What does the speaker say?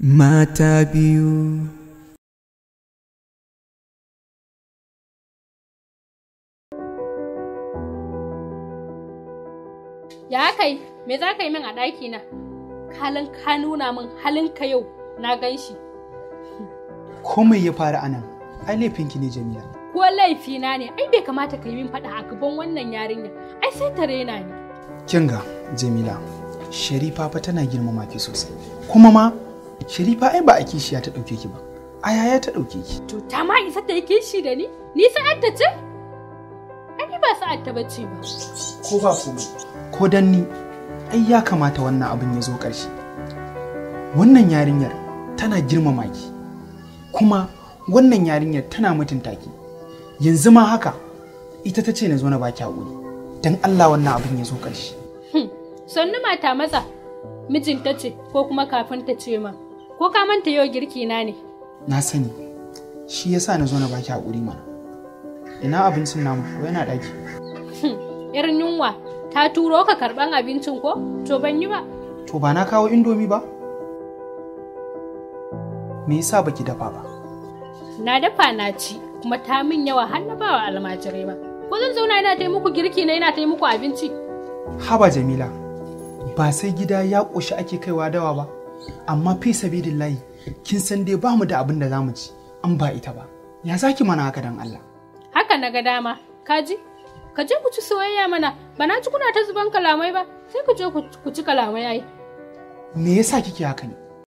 mata biyu ya kai me za ka yi min a ɗaki na kalin ka nuna min halin ka yau na gan shi komai ya fara anan ai laifinki ne jamila ko laifina ne ai bai kamata ka yi min faɗa a gaban wannan yarinya ai sai ta rena ne kinga jamila sharifa fa tana girmama ki sosai kuma ma Sharifa ai ba a kishiya ta ɗauke ki ba. A yaya ta ɗauke ki. To ta ma isa ta yi kishi da ni? Ni an ta ce? Ai ba sa'ad ta bace ba. Ko ba komai. Ko dan ni ai ya kamata wannan abin ya zo ƙarshe. Wannan yarinyar tana girmama ki. Kuma wannan yarinyar tana mutunta ki. Yanzu ma haka ita ta ce na zo na baki haƙuri. Dan Allah wannan abin ya zo ƙarshe. Hmm. Sannu mata matsa mijinta ce ko kuma kafin ta ce ma. ko ka manta yau girki na ne na sani shi yasa na zo na baki haƙuri mana ina abincin namu ko yana ɗaki hmm, irin yunwa ta turo ka karɓan abincin ko to ban yi ba to ba na kawo indomi ba me yasa baki dafa ba na dafa na ci kuma ta min yawa har na bawa almajirai ba ko zan zauna ina ta muku girki na ina ta muku abinci haba jamila ba sai gida ya ƙoshi ake kaiwa dawa ba amma fi layi kin san dai ba mu da abin da za mu ci an ba ita ba ya zaki mana haka dan Allah haka na ga dama kaji ka je ku ci soyayya mana ba na ci kuna ta zuban kalamai ba sai ku je ku ci kalamai ai me yasa kike haka ne